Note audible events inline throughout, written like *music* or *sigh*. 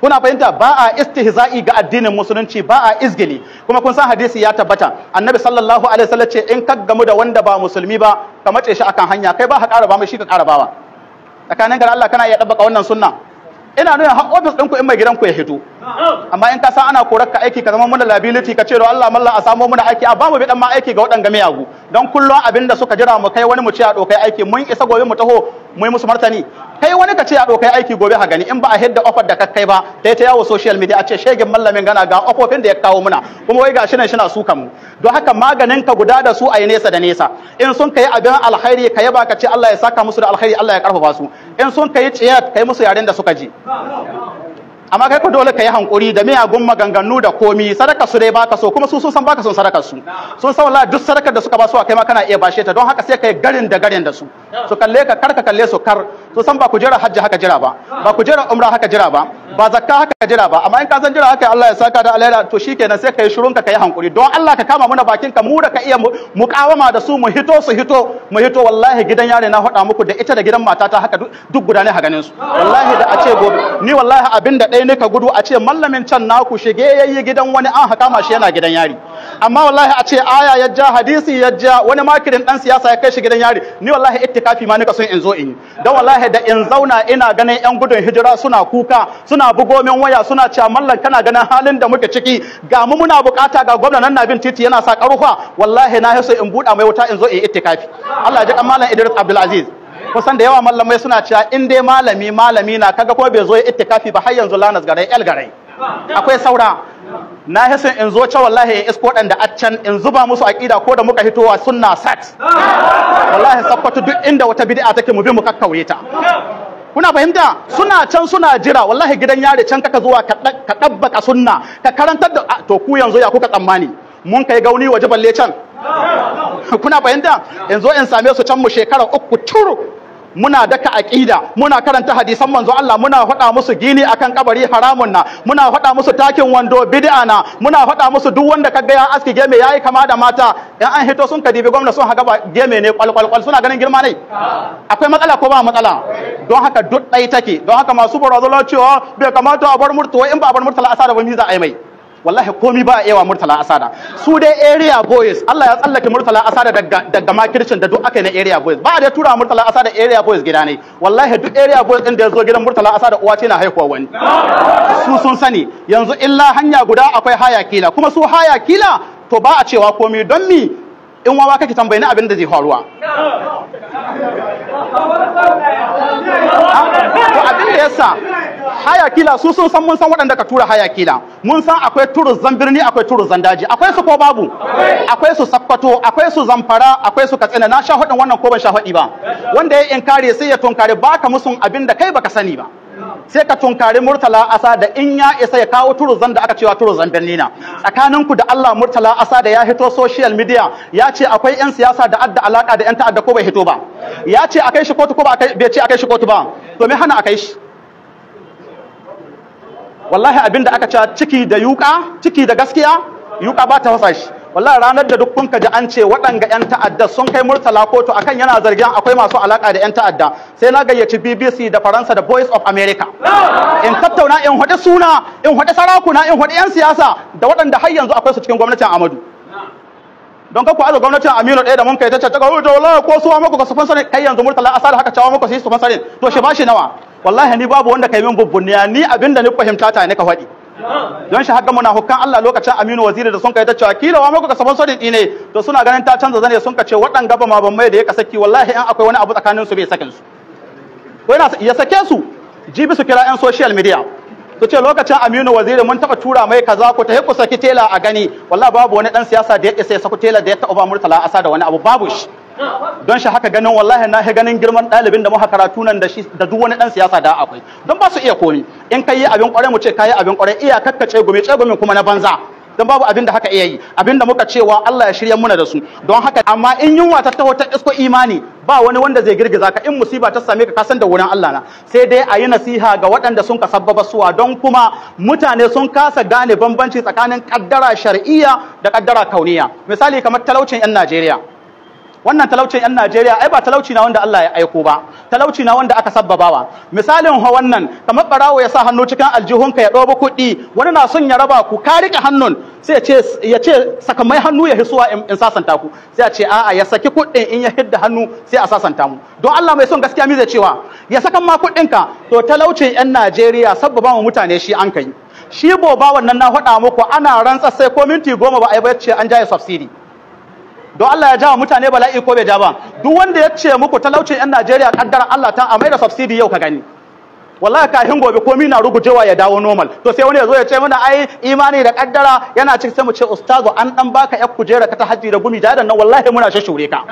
kuna fahimta ba a istihza'i ga addinin musulunci ba a izgili kuma kun san hadisi ya tabbata annabi sallallahu alaihi wasallam ce in ka gamu da wanda ba musulmi ba ka mace shi akan hanya kai ba ka ƙara mai shi ka ƙara bawa tsakanin ga Allah kana iya dabbaka wannan sunna ina nuna har office ɗinku in mai gidanku ya hito amma in ka san ana korar ka aiki ka zama muna liability ka ce da Allah mallan a samo muna aiki a ba mu bi dan ma aiki ga waɗanga miyagu don kullum abin da suka jira mu kai wani mu ce a dokai aiki mun isa gobe mu taho mu yi musu martani kai wani ka ce a dokai aiki gobe ha gani in ba a hidda offer da kakkai ba dai ta yawo social media a ce shegin mallamin gana ga ofofin da ya kawo muna kuma wai gashi nan shi na suka mu don haka maganin ka guda da su a yi nesa da nesa in sun kai abin alheri ka yaba ka ce Allah ya saka musu da alheri Allah ya karfafa su in sun kai ciyat kai musu yaren da suka ji amma kai ku dole ka yi hankuri da me miyagun maganganu da komi sadaka su dai baka so kuma su sun san baka son sadakar su sun san wallahi duk sadakar da suka ba su a kai ma kana iya bashe ta don haka sai kai garin da garin da su su kalle ka karka kalle su kar to san ba ku jira hajji haka jira ba ba ku jira umra haka jira ba ba zakka haka jira ba amma in ka san jira haka Allah ya saka da alheri to shikenan sai kai shirun ka kai hankuri don Allah ka kama muna bakin ka mu da ka iya mukawama da su mu hito su hito mu hito wallahi gidan yare na faɗa muku da ita da gidan matata haka duk guda ne ganin su wallahi da a ce gobe ni wallahi abin da ne ka gudu a ce mallamin can naku shige yayi gidan wani an haka ma shi yana gidan yari amma wallahi a ce aya ya ja hadisi ya ja wani makirin dan siyasa ya kai shi gidan yari ni wallahi ittikafi ma nika son in zo in yi don wallahi wallahi da in zauna ina ganin yan gudun hijira suna kuka suna bugo min waya suna cewa mallan kana ganin halin da muke ciki ga mu muna bukata ga gwamna nan bin titi yana sa karuwa wallahi na yaso in buɗa mai wuta in zo in itikafi Allah ya ji kan mallan Idris Abdul Aziz kusan da yawa mallamai suna cewa in dai malami malami na kaga ko bai zo ya itikafi ba har yanzu lanas garai el garai akwai saura na hisin in zo cewa wallahi in isko dan da accan in zuba musu aqida ko da muka hitowa sunna sat wallahi sakkwato duk inda wata bid'a take mu bi mu kakkauye ta kuna fahimta suna can suna jira wallahi gidan yare can kaka zuwa ka dabbaka sunna ka karantar da to ku yanzu ya kuka tsammani mun kai gauni waje balle can kuna fahimta yanzu in same su can mu shekara uku turu muna daka aqida muna karanta hadisan manzo Allah muna faɗa musu gini akan kabari haramun na muna faɗa musu takin wando bid'a na muna faɗa musu duk wanda kaga ya aski geme yayi kama da mata Yan an hito sun kadibi gwamnati sun haga geme ne kwalkwalkwal suna ganin girma ne akwai matsala ko ba matsala don haka duk ɗaya take don haka masu barazana cewa bai kamata a bar murtuwa in ba a bar murtala asara ba mi za a yi mai wallahi komi ba a wa murtala asada su dai area boys Allah ya tsallake murtala asada daga daga makircin da duk aka yi na area boys ba a dai tura murtala asada area boys gida ne wallahi duk area boys din da ya zo gidan murtala asada uwa ce na haihuwa wani su sun sani yanzu illa hanya guda akwai haya kila kuma su haya kila to ba a cewa komi don mi in wawa kake tambayi na abin da zai faruwa to abin da yasa hayakila su sun san mun san waɗanda ka tura hayakila mun san akwai turu zambirni birni akwai turu zandaji daji akwai su ko babu akwai su sakkwato akwai su zamfara akwai su katsina na sha hudin wannan ko ban sha hudi ba wanda ya inkari sai ya tunkari baka musun abin da kai baka sani ba sai ka tunkari murtala asa da in ya isa ya kawo zan da aka cewa turuzan birnina tsakanin ku da Allah murtala asa da ya hito social media ya ce akwai yan siyasa da adda alaka da yan ta'adda ko bai hito ba ya ce akai shi kotu ko ba bai ce akai shi kotu ba to me hana akai shi wallahi abin da aka cewa ciki da yuka ciki da gaskiya yuka ba ta wasa shi wallahi ranar da duk kunka ji an ce waɗanga 'yan ta'adda sun kai murtala kotu akan yana zargin akwai masu alaka da 'yan ta'adda sai na gayyaci bbc da faransa da voice of america in tattauna in haɗe suna in haɗe sarakuna in haɗe 'yan siyasa da waɗanda har yanzu akwai su cikin gwamnatin amadu don kaku aza gwamnatin aminu ɗaya da mun kai ta ce ta ga wallahi ko suwa muku ka su fansare kai yanzu murtala asali haka cawa muku su yi su to shi ba shi nawa wallahi ni babu wanda kai min bubbunniya ni abinda ni fahimta ta ne ka faɗi don shi haka muna hukkan Allah lokacin Aminu Waziri da sun kai ta cewa kila wa muku ka sabon sodi ne to suna ganin ta canza zane sun ka ce waɗan gaba ma ban mai da ya saki. wallahi in akwai wani abu tsakanin su bai sakin su ko yana ya sake su jibi su kira yan social media su ce lokacin Aminu Waziri mun taba tura mai kaza ko ta ku saki tela a gani wallahi babu wani dan siyasa da ya isa ya saku tela da ya taɓa ba murtala asa da wani abu babu shi don shi haka ganin wallahi na shi ganin girman ɗalibin da muka karatu nan da shi da duk wani ɗan siyasa da akwai don ba su iya komi in ka yi abin ƙwarai mu ce kai abin ƙwarai iya kakka ce gumi ce gumi kuma na banza don babu abin da haka iya yi abin da muka cewa Allah ya shirya muna da su don haka amma in yunwa ta taho ta isko imani ba wani wanda zai girgiza ka in musiba ta same ka kasan da wurin Allah na sai dai a yi nasiha ga waɗanda sun kasabbaba suwa don kuma mutane sun kasa gane bambanci tsakanin kaddara shar'iyya da kaddara kauniya misali kamar talaucin 'yan Najeriya wannan talaucin yan Najeriya ai ba talauci na wanda Allah ya aiko ba talauci na wanda aka sabbabawa misalin ho wannan kamar barawo ya sa hannu cikin aljihunka ya ɗobo kuɗi wani na son ya raba ku ka rike hannun sai ya ce ya ce sakamai hannu ya hisuwa in sasanta ku sai ya ce a'a ya saki kuɗin in ya hidda hannu sai a sasanta mu don Allah mai son gaskiya mi zai cewa ya saka ma kuɗinka to talaucin yan Najeriya sabbaba mu mutane shi an kai shi boba wannan na faɗa muku ana rantsa sai ko minti goma ba a yi ce an jaye subsidy don Allah ya jawa mutane bala'i ko bai ja ba duk wanda ya ce muku talaucin yan Najeriya kaddara Allah ta amai da subsidy yau ka gani wallahi kafin gobe komai na rugujewa ya dawo normal to sai wani ya zo ya ce mana ai imani da kaddara yana cikin sai mu ce ustazu an dan baka yar kujera ka ta haji da gumi da nan wallahi muna shashure ka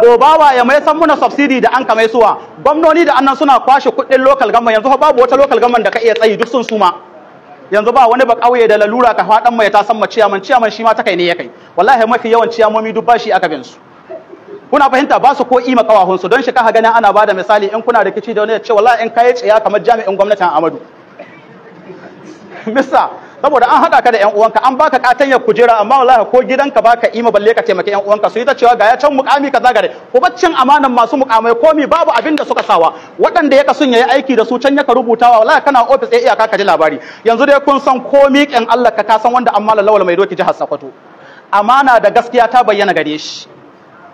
gobawa ya mai san muna subsidy da an kamai suwa gwamnoni da annan suna kwashe kuɗin local government yanzu babu wata local government da ka iya tsayi duk sun suma yanzu ba wani ba kauye da lalura ka fadan mai ta san ciyaman ciyaman shi ma ta kai ne ya kai wallahi mafi yawan ciyamomi duk bashi aka bin su kuna fahimta ba su ko ima kawahun su don shi ka ganin ana bada misali in kuna rikici da wani ya ce wallahi in kai tsiya kamar jami'in gwamnatin Amadu *laughs* Mista saboda an haɗa ka da ƴan uwanka an baka katanyar kujera amma wallahi ko gidanka baka ima balle ka taimaki ƴan uwanka su yi ta cewa ga ya can mukami kaza gare ko baccin amanan masu mukamai komi babu abin da suka sawa waɗanda ya kasun yayi aiki da su can ya ka rubutawa wallahi kana office ɗaya iyaka ka ji labari yanzu dai kun san komi ƙin Allah ka san wanda amma lawal mai doki jihar Sokoto amana da gaskiya ta bayyana gare shi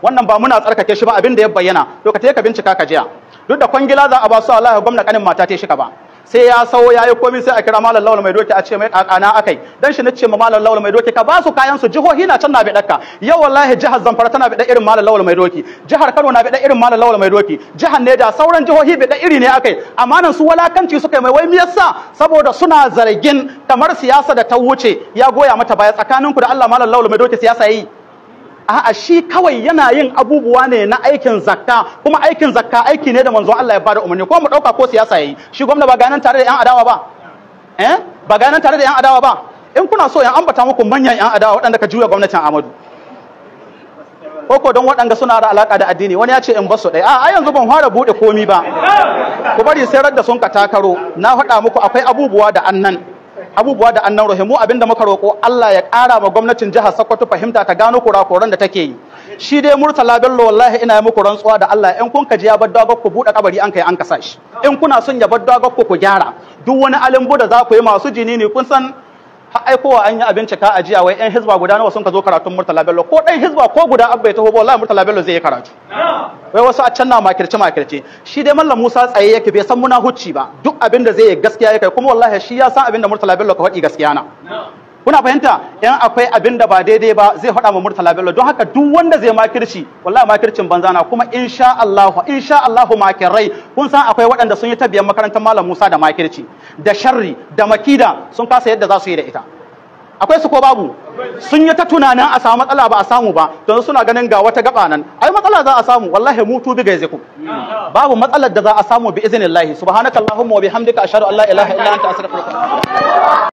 wannan ba muna tsarkake shi ba abin da ya bayyana to ka ka bincika ka jiya duk da kwangila za a ba su Allah ya gwamna kanin mata ta shi ka ba sai ya sawo ya yi komai sai a kira malam lawal mai doki a ce mai ana akai dan shi na ce ma malam lawal mai doki ka ba su kayan su jihohi na can na bi dakka yau wallahi jihar Zamfara tana bi da irin malam lawal mai doki jihar Kano na bi da irin malam lawal mai doki jihar Neja sauran jihohi bi da iri ne akai amanan su walakanci suka mai wai me sa saboda suna zargin kamar siyasa da ta wuce ya goya mata baya tsakaninku da Allah malam lawal mai doki siyasa yi a'a shi kawai yana yin abubuwa ne na aikin zakka kuma aikin zakka aiki ne da manzo Allah ya bada umarni ko mu dauka ko siyasa yayi shi gwamna ba ganin tare da yan adawa ba eh ba ganin tare da yan adawa ba in kuna so yan ambata muku manyan yan adawa waɗanda ka juya gwamnatin Ahmadu ko don waɗanda suna da alaka da addini wani ya ce in basu ɗaya a yanzu ban fara buɗe komi ba ku bari sai da sun ka takaro na faɗa muku akwai abubuwa da annan abubuwa da annan rahimu abinda muka roƙo Allah ya ƙara ma gwamnatin jihar Sokoto fahimta ta gano kurakuran da take yi shi dai Murtala Bello wallahi ina yi muku rantsuwa da Allah in kun kaji ya bar dogon ku buɗe kabari an kai an kasa shi in kuna son ya bar dogon ku ku gyara duk wani alimbu da za ku yi masu jini ne kun san har aikowa an yi abinci ka ajiya wai yan hizba guda nawa sun ka zo karatun murtala bello ko dan hizba ko guda abba ya taho ba wallahi murtala bello zai yi karatu wai wasu a can na makirce makirce shi dai mallam musa tsaye yake bai san muna hucci ba duk abin da zai yi gaskiya yake kuma wallahi shi ya san abin da murtala bello ka faɗi gaskiya na kuna fahimta yan akwai abin da ba daidai ba zai faɗa ma murtala bello don haka duk wanda zai makirci wallahi makircin banza na kuma insha Allah insha Allah makirai kun san akwai waɗanda sun yi tabiyan makarantar malam Musa da makirci da sharri da makida sun kasa yadda za su yi da ita akwai su ko babu sun yi ta tunanin a samu matsala ba a samu ba don suna ganin ga wata gaba nan ai matsala za a samu wallahi mutu bi gaize ku babu matsalar da za a samu bi iznillahi subhanakallahumma wa bihamdika ashhadu an la ilaha illa anta astaghfiruka